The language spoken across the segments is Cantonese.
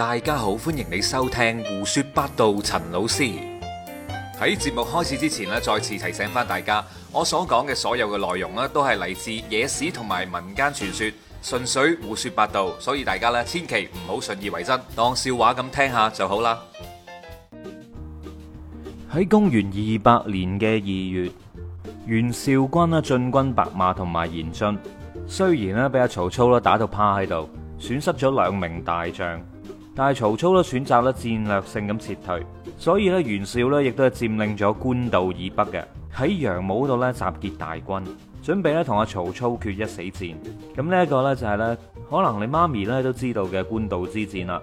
大家好，歡迎你收聽胡說八道。陳老師喺節目開始之前咧，再次提醒翻大家，我所講嘅所有嘅內容咧，都係嚟自野史同埋民間傳說，純粹胡說八道，所以大家咧千祈唔好信以為真，當笑話咁聽下就好啦。喺公元二百年嘅二月，袁紹軍啦進軍白馬同埋延津，雖然咧俾阿曹操啦打到趴喺度，損失咗兩名大將。但係曹操都選擇咧戰略性咁撤退，所以咧袁紹咧亦都係佔領咗官渡以北嘅喺陽武度咧集結大軍，準備咧同阿曹操決一死戰。咁呢一個咧就係呢，可能你媽咪咧都知道嘅官渡之戰啦。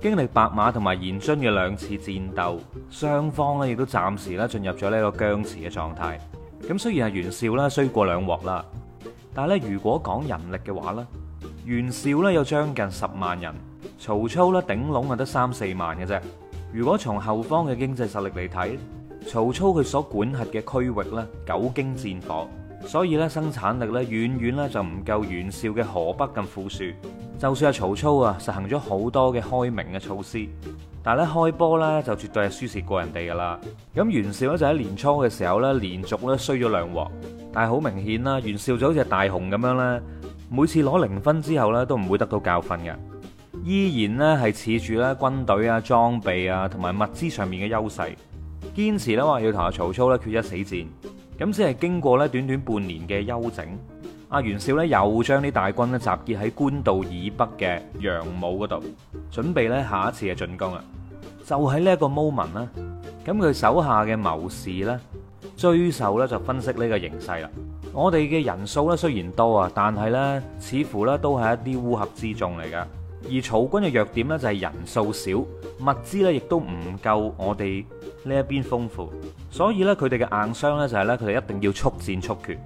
經歷白馬同埋延津嘅兩次戰鬥，雙方呢亦都暫時咧進入咗呢個僵持嘅狀態。咁雖然係袁紹呢，衰過兩鑊啦，但係咧，如果講人力嘅話呢。袁紹咧有將近十萬人，曹操咧頂籠係得三四萬嘅啫。如果從後方嘅經濟實力嚟睇，曹操佢所管轄嘅區域咧久經戰火，所以咧生產力咧遠遠咧就唔夠袁紹嘅河北咁富庶。就算係曹操啊實行咗好多嘅開明嘅措施，但係咧開波呢就絕對係輸蝕過人哋噶啦。咁袁紹咧就喺年初嘅時候咧連續咧衰咗兩鑊，但係好明顯啦，袁紹就好似大熊咁樣啦。每次攞零分之後咧，都唔會得到教訓嘅，依然咧係恃住咧軍隊啊、裝備啊同埋物資上面嘅優勢，堅持咧話要同阿曹操咧決一死戰。咁只係經過咧短短半年嘅休整，阿袁紹咧又將啲大軍咧集結喺官渡以北嘅楊武嗰度，準備咧下一次嘅進攻啊！就喺呢一個 moment 啦，咁佢手下嘅謀士咧，沮授咧就分析呢個形勢啦。我哋嘅人數咧雖然多啊，但係呢，似乎呢都係一啲烏合之眾嚟噶。而曹軍嘅弱點呢，就係人數少，物資呢亦都唔夠我哋呢一邊豐富。所以呢，佢哋嘅硬傷呢，就係呢，佢哋一定要速戰速決。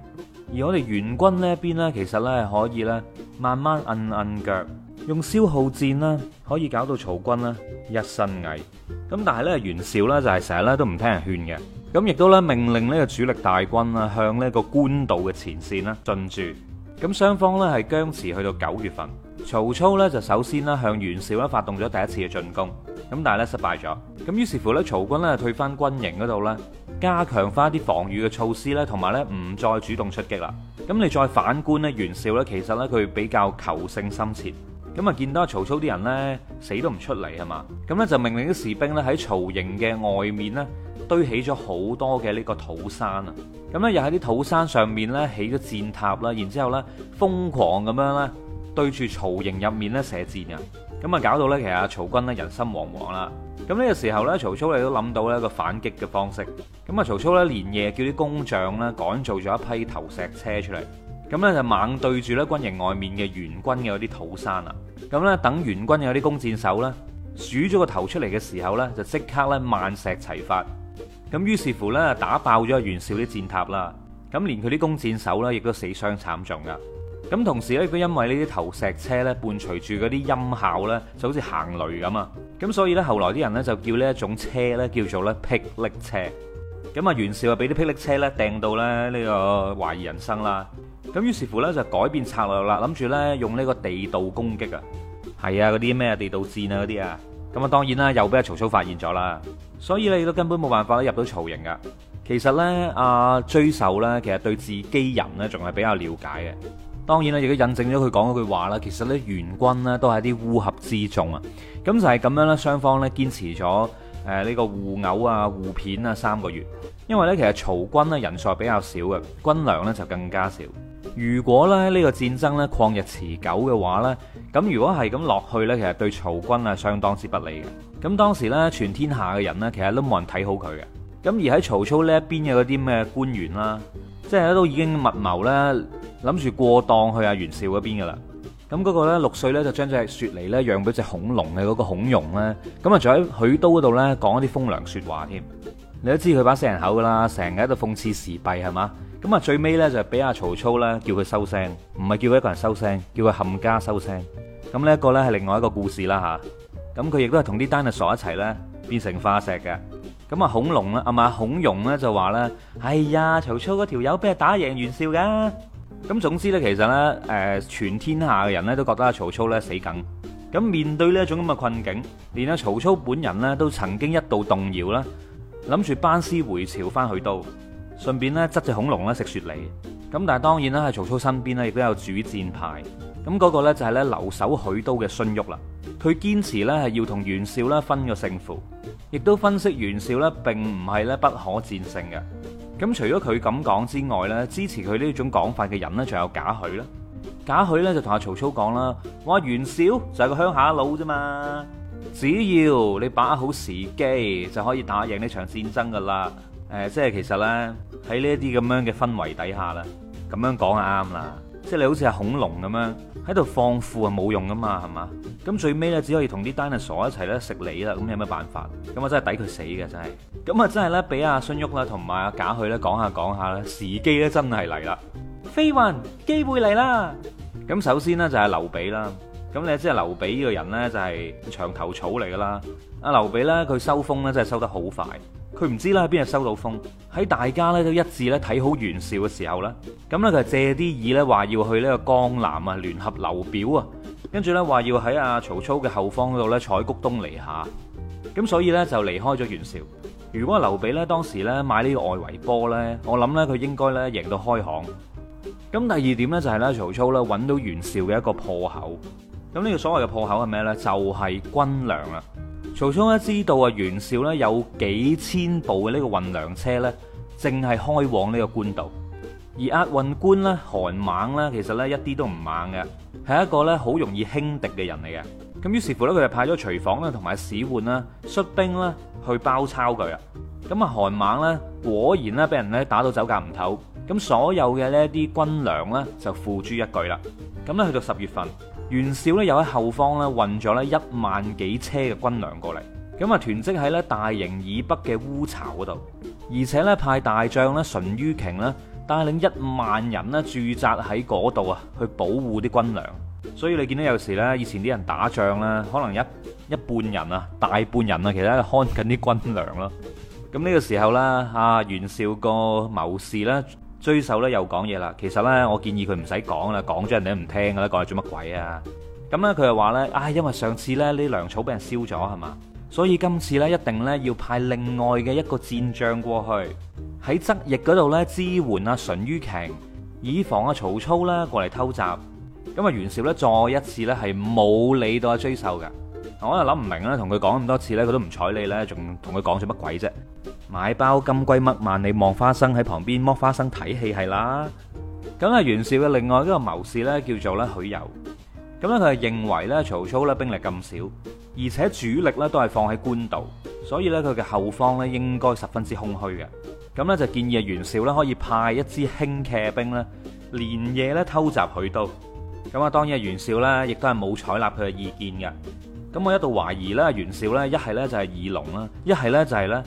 而我哋袁軍呢一邊呢，其實呢係可以呢，慢慢摁摁腳，用消耗戰呢，可以搞到曹軍呢一身蟻。咁但係呢，袁紹呢，就係成日咧都唔聽人勸嘅。咁亦都咧命令呢個主力大軍啊向呢個官渡嘅前線啦進駐。咁雙方咧係僵持去到九月份，曹操咧就首先啦向袁紹咧發動咗第一次嘅進攻，咁但係咧失敗咗。咁於是乎咧曹軍咧退翻軍營嗰度咧，加強翻啲防禦嘅措施咧，同埋咧唔再主動出擊啦。咁你再反觀咧袁紹咧，其實咧佢比較求勝心切，咁啊見到曹操啲人咧死都唔出嚟係嘛？咁咧就命令啲士兵咧喺曹營嘅外面咧。堆起咗好多嘅呢個土山啊，咁咧又喺啲土山上面咧起咗箭塔啦，然之後咧瘋狂咁樣咧對住曹營入面咧射箭啊，咁啊搞到咧其實曹軍咧人心惶惶啦。咁、這、呢個時候咧，曹操咧都諗到咧個反擊嘅方式，咁啊曹操咧連夜叫啲工匠咧趕造咗一批投石車出嚟，咁咧就猛對住咧軍營外面嘅袁軍嘅嗰啲土山啊，咁咧等袁軍有啲弓箭手咧數咗個頭出嚟嘅時候咧，就即刻咧萬石齊發。咁於是乎咧，打爆咗袁紹啲戰塔啦，咁連佢啲弓箭手咧，亦都死傷慘重噶。咁同時咧，佢因為呢啲投石車咧，伴隨住嗰啲音效咧，就好似行雷咁啊。咁所以咧，後來啲人咧就叫呢一種車咧，叫做咧霹靂車。咁啊，袁紹啊，俾啲霹靂車咧掟到咧呢個懷疑人生啦。咁於是乎咧，就改變策略啦，諗住咧用呢個地道攻擊啊。係啊，嗰啲咩地道戰啊嗰啲啊。咁啊，當然啦，又俾阿曹操發現咗啦。所以你都根本冇辦法入到曹營㗎。其實呢，阿、啊、追守呢，其實對自己人呢仲係比較了解嘅。當然咧，亦都印證咗佢講嗰句話啦。其實呢，援軍呢都係啲烏合之眾啊。咁就係咁樣啦，雙方呢，堅持咗誒呢個互毆啊、互片啊三個月。因為呢，其實曹軍呢人數比較少嘅，軍糧呢就更加少。如果咧呢、呢個戰爭呢曠日持久嘅話呢，咁如果係咁落去呢，其實對曹軍啊相當之不利嘅。咁當時咧，全天下嘅人咧，其實都冇人睇好佢嘅。咁而喺曹操呢一邊嘅嗰啲咩官員啦，即係都已經密謀咧，諗住過檔去阿袁紹嗰邊噶啦。咁、那、嗰個咧六歲咧，就將隻雪梨咧，養俾隻恐龍嘅嗰個孔融咧。咁啊，仲喺許都嗰度咧，講一啲風涼説話添。你都知佢把死人口噶啦，成日喺度諷刺時弊係嘛。咁啊，最尾咧就俾阿曹操咧叫佢收聲，唔係叫佢一個人收聲，叫佢冚家收聲。咁呢一個咧係另外一個故事啦嚇。啊咁佢亦都係同啲丹啊傻一齊咧，變成化石嘅。咁啊，恐龍啊，阿嘛孔融咧就話咧：，哎呀，曹操嗰條友俾佢打贏袁紹噶。咁總之咧，其實咧，誒、呃、全天下嘅人咧都覺得曹操咧死梗。咁面對呢一種咁嘅困境，連阿曹操本人咧都曾經一度動搖啦，諗住班師回朝翻去都，順便咧執隻恐龍啦食雪梨。咁但係當然啦，喺曹操身邊咧亦都有主戰派。咁、那、嗰個咧就係咧留守許都嘅荀彧啦。佢堅持咧係要同袁紹咧分個勝負，亦都分析袁紹咧並唔係咧不可戰勝嘅。咁除咗佢咁講之外咧，支持佢呢種講法嘅人咧，仲有賈詡啦。賈詡咧就同阿曹操講啦：，哇袁紹就係、是、個鄉下佬啫嘛，只要你把握好時機，就可以打贏呢場戰爭噶啦。誒、呃，即係其實咧喺呢一啲咁樣嘅氛圍底下啦，咁樣講係啱啦。即係你好似係恐龍咁樣喺度放庫啊，冇用噶嘛，係嘛？咁最尾咧，只可以同啲單啊傻一齊咧食你啦。咁有咩辦法？咁啊真係抵佢死嘅，真係咁啊真係咧，俾阿荀彧啦同埋阿賈詡咧講下講下咧時機咧真係嚟啦，飛雲機會嚟啦。咁首先呢，就係劉備啦。咁你知係劉備呢個人咧就係牆頭草嚟噶啦。阿劉備咧佢收風咧真係收得好快。佢唔知啦，喺邊日收到風喺大家咧都一致咧睇好袁紹嘅時候啦，咁咧佢借啲意咧話要去呢個江南啊聯合劉表啊，跟住咧話要喺阿曹操嘅後方嗰度咧採菊東籬下，咁所以咧就離開咗袁紹。如果劉備咧當時咧買呢個外圍波咧，我諗咧佢應該咧贏到開行。咁第二點咧就係咧曹操咧搵到袁紹嘅一個破口，咁、這、呢個所謂嘅破口係咩咧？就係軍糧啦。曹操咧知道啊，袁紹咧有幾千部嘅呢個運糧車咧，淨係開往呢個官渡。而押運官咧韓猛咧，其實咧一啲都唔猛嘅，係一個咧好容易輕敵嘅人嚟嘅。咁於是乎咧，佢就派咗徐晃咧同埋史渙啦、率兵啦去包抄佢啊。咁啊，韓猛咧果然咧俾人咧打到走夾唔唞，咁所有嘅呢啲軍糧咧就付諸一炬啦。咁咧去到十月份。袁紹咧又喺後方咧運咗咧一萬幾車嘅軍糧過嚟，咁啊囤積喺咧大營以北嘅烏巢嗰度，而且咧派大將咧淳于瓊呢，帶領一萬人呢，駐紮喺嗰度啊，去保護啲軍糧。所以你見到有時呢，以前啲人打仗咧，可能一一半人啊，大半人啊，其實喺度看緊啲軍糧咯。咁呢個時候咧，阿袁紹個謀士咧。沮授咧又講嘢啦，其實咧我建議佢唔使講啦，講咗人哋都唔聽噶啦，講嚟做乜鬼啊？咁咧佢又話咧，唉、哎，因為上次咧呢糧草俾人燒咗係嘛，所以今次咧一定咧要派另外嘅一個戰將過去喺側翼嗰度咧支援阿淳于瓊，以防阿、啊、曹操啦、啊、過嚟偷襲。咁啊袁紹咧再一次咧係冇理到阿、啊、沮授嘅。我啊諗唔明啦，同佢講咁多次咧，佢都唔睬你咧，仲同佢講咗乜鬼啫？買包金龜嘜萬里望花生喺旁邊剝花生睇戲係啦。咁啊，袁紹嘅另外一個謀士咧叫做咧許攸，咁咧佢係認為咧曹操咧兵力咁少，而且主力咧都係放喺官渡，所以咧佢嘅後方咧應該十分之空虛嘅。咁咧就建議啊袁紹咧可以派一支輕騎兵咧連夜咧偷襲許都。咁啊，當然袁紹啦，亦都係冇採納佢嘅意見嘅。咁我一度懷疑咧袁紹咧一係咧就係耳聾啦，一係咧就係咧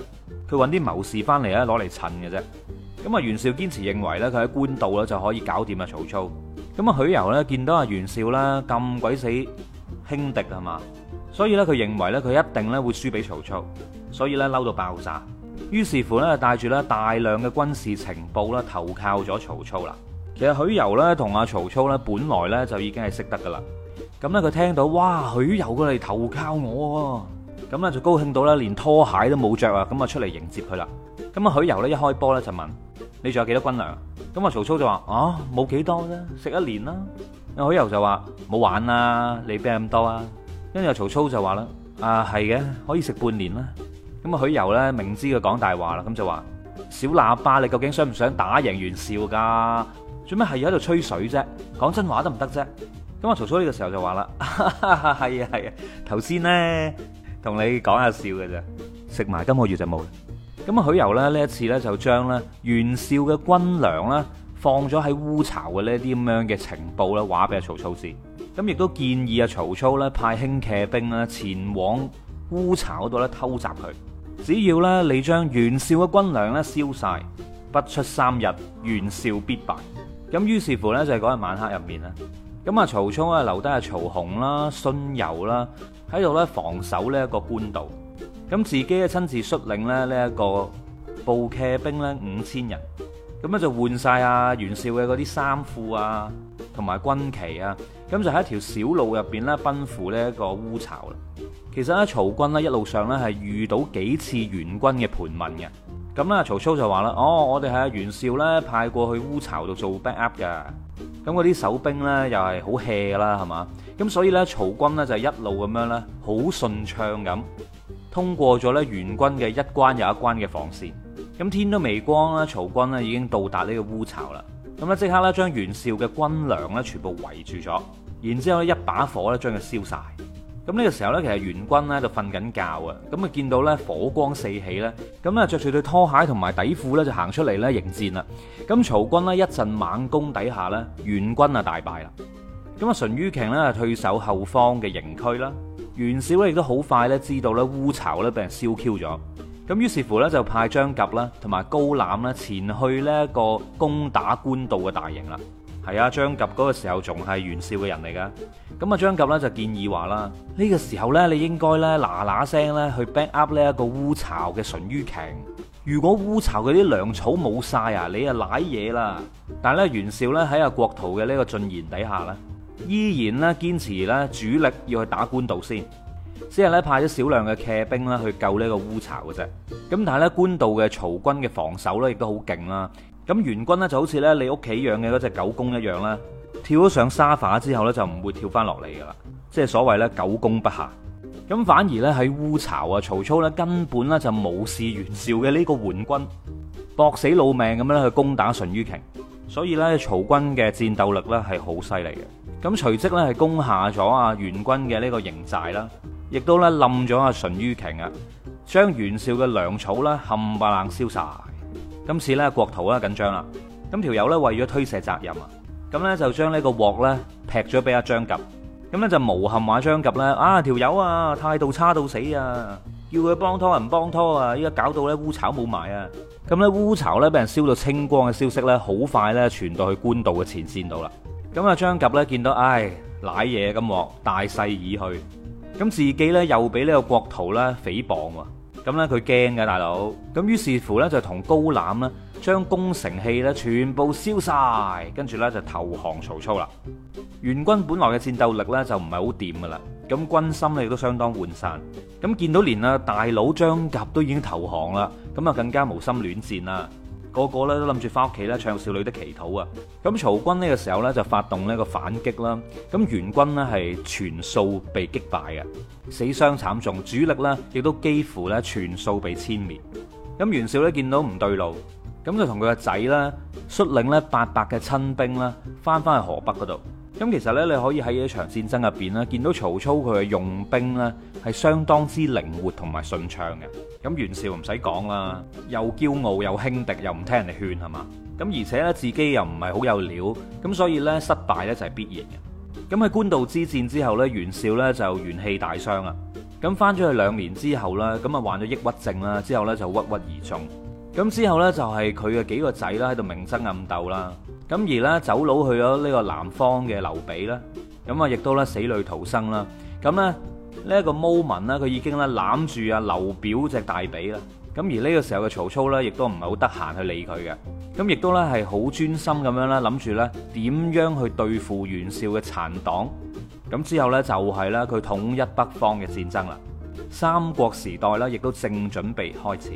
佢揾啲謀士翻嚟咧攞嚟襯嘅啫。咁啊，袁紹堅持認為咧佢喺官渡啦就可以搞掂啊曹操。咁啊，許攸咧見到阿袁紹咧咁鬼死輕敵係嘛，所以咧佢認為咧佢一定咧會輸俾曹操，所以咧嬲到爆炸。於是乎咧帶住咧大量嘅軍事情報咧投靠咗曹操啦。其實許攸咧同阿曹操咧本來咧就已經係識得噶啦。咁咧，佢聽到哇，許攸過嚟投靠我喎，啊，咁咧就高興到啦，連拖鞋都冇着啊，咁啊出嚟迎接佢啦。咁啊，許攸咧一開波咧就問：你仲有幾多軍糧？咁啊，曹操就話：啊，冇幾多啫，食一年啦。許攸就話：冇玩啦，你邊有咁多啊？跟住曹操就話啦：啊，係嘅，可以食半年啦。咁啊，許攸咧明知佢講大話啦，咁就話：小喇叭，你究竟想唔想打贏袁紹噶？做咩係要喺度吹水啫？講真話得唔得啫？咁啊！曹操呢個時候就話啦，係啊係啊，頭先呢，同你講下笑嘅啫，食埋今個月就冇啦。咁啊，許攸咧呢一次呢，就將咧袁紹嘅軍糧呢放咗喺烏巢嘅呢啲咁樣嘅情報呢話俾阿曹操知。咁亦都建議阿曹操呢派輕騎兵呢前往烏巢嗰度咧偷襲佢。只要呢，你將袁紹嘅軍糧呢燒晒，不出三日，袁紹必敗。咁於是乎呢，就係嗰日晚黑入面咧。咁啊，曹操咧留低阿曹洪啦、荀攸啦，喺度咧防守呢一個官道。咁自己咧親自率領咧呢一個步騎兵咧五千人，咁咧就換晒阿袁紹嘅嗰啲衫褲啊，同埋軍旗啊，咁就喺一條小路入邊咧奔赴呢一個烏巢啦。其實咧，曹軍呢一路上咧係遇到幾次袁軍嘅盤問嘅。咁咧，曹操就話啦：哦,我哋係阿袁紹咧派過去烏巢度做 backup 嘅。咁嗰啲守兵呢，又係好 hea 啦，係嘛？咁所以呢，曹軍呢就一路咁樣呢，好順暢咁通過咗呢袁軍嘅一關又一關嘅防線。咁、嗯、天都未光啦，曹軍呢已經到達呢個烏巢啦。咁、嗯、呢，即刻呢將袁紹嘅軍糧呢全部圍住咗，然之後呢一把火呢將佢燒晒。咁呢個時候呢，其實袁軍呢就瞓緊覺啊，咁啊見到呢火光四起呢，咁咧着住對拖鞋同埋底褲呢就行出嚟呢迎戰啦。咁曹軍呢，一陣猛攻底下呢，袁軍啊大敗啦。咁啊，淳于瓊呢退守後方嘅營區啦。袁紹呢亦都好快呢知道呢烏巢呢被人燒 Q 咗。咁於是乎呢，就派張郃啦同埋高覽呢前去呢一個攻打官渡嘅大營啦。係啊，張郃嗰個時候仲係袁紹嘅人嚟噶，咁啊張郃咧就建議話啦，呢個時候呢，你應該呢嗱嗱聲呢去 back up 呢一個烏巢嘅淳於瓊。如果烏巢佢啲糧草冇晒啊，你啊賴嘢啦。但係咧袁紹呢喺阿國圖嘅呢個進言底下呢，依然呢堅持呢主力要去打官渡先，先係呢派咗少量嘅騎兵呢去救呢個烏巢嘅啫。咁但係呢，官渡嘅曹軍嘅防守呢，亦都好勁啦。咁袁軍呢就好似咧你屋企養嘅嗰隻狗公一樣咧，跳咗上沙發之後咧就唔會跳翻落嚟噶啦，即係所謂咧狗公不下。咁反而咧喺烏巢啊，曹操咧根本咧就冇視袁紹嘅呢個援軍，搏死老命咁樣去攻打淳于瓊，所以咧曹軍嘅戰鬥力咧係好犀利嘅。咁隨即咧係攻下咗啊袁軍嘅呢個營寨啦，亦都咧冧咗啊淳于瓊啊，將袁紹嘅糧草咧冚唪唥燒晒。今次咧郭圖啦緊張啦，咁條友咧為咗推卸責任，咁咧就將呢個鑊咧劈咗俾阿張郃，咁咧就誣陷話張郃咧啊條友、這個、啊態度差到死啊，要佢幫拖人幫拖啊，依家搞到咧烏巢冇埋啊，咁咧烏巢咧俾人燒到清光嘅消息咧好快咧傳到去官渡嘅前線度啦，咁阿張郃咧見到唉賴嘢咁鑊，大勢已去，咁自己咧又俾呢個郭圖咧誹謗啊。咁呢，佢驚嘅大佬，咁於是乎呢，就同高覽呢，將攻城器呢全部燒晒，跟住呢就投降曹操啦。元軍本來嘅戰鬥力呢，就唔係好掂㗎啦，咁軍心呢亦都相當渙散，咁見到連啊大佬張郃都已經投降啦，咁啊更加無心戀戰啦。個個咧，都諗住翻屋企咧唱《少女的祈禱》啊！咁曹軍呢個時候咧，就發動呢個反擊啦，咁袁軍呢，係全數被擊敗嘅，死傷慘重，主力呢亦都幾乎咧全數被殲滅。咁袁紹呢，見到唔對路，咁就同佢個仔啦，率領咧八百嘅親兵啦，翻翻去河北嗰度。咁其實咧，你可以喺呢場戰爭入邊咧，見到曹操佢嘅用兵咧係相當之靈活同埋順暢嘅。咁袁紹唔使講啦，又驕傲又輕敵，又唔聽人哋勸係嘛？咁而且咧自己又唔係好有料，咁所以呢，失敗呢就係必然嘅。咁喺官渡之戰之後呢，袁紹呢就元氣大傷啊。咁翻咗去兩年之後呢，咁啊患咗抑鬱症啦，之後呢就鬱鬱而終。咁之後呢，就係佢嘅幾個仔啦，喺度明爭暗鬥啦。咁而呢，走佬去咗呢個南方嘅劉備啦，咁啊，亦都咧死裏逃生啦。咁呢，呢一個 moment 呢，佢已經咧攬住啊劉表隻大髀啦。咁而呢個時候嘅曹操呢，亦都唔係好得閒去理佢嘅。咁亦都呢係好專心咁樣咧，諗住呢點樣去對付袁紹嘅殘黨。咁之後呢，就係咧佢統一北方嘅戰爭啦。三國時代咧，亦都正準備開始。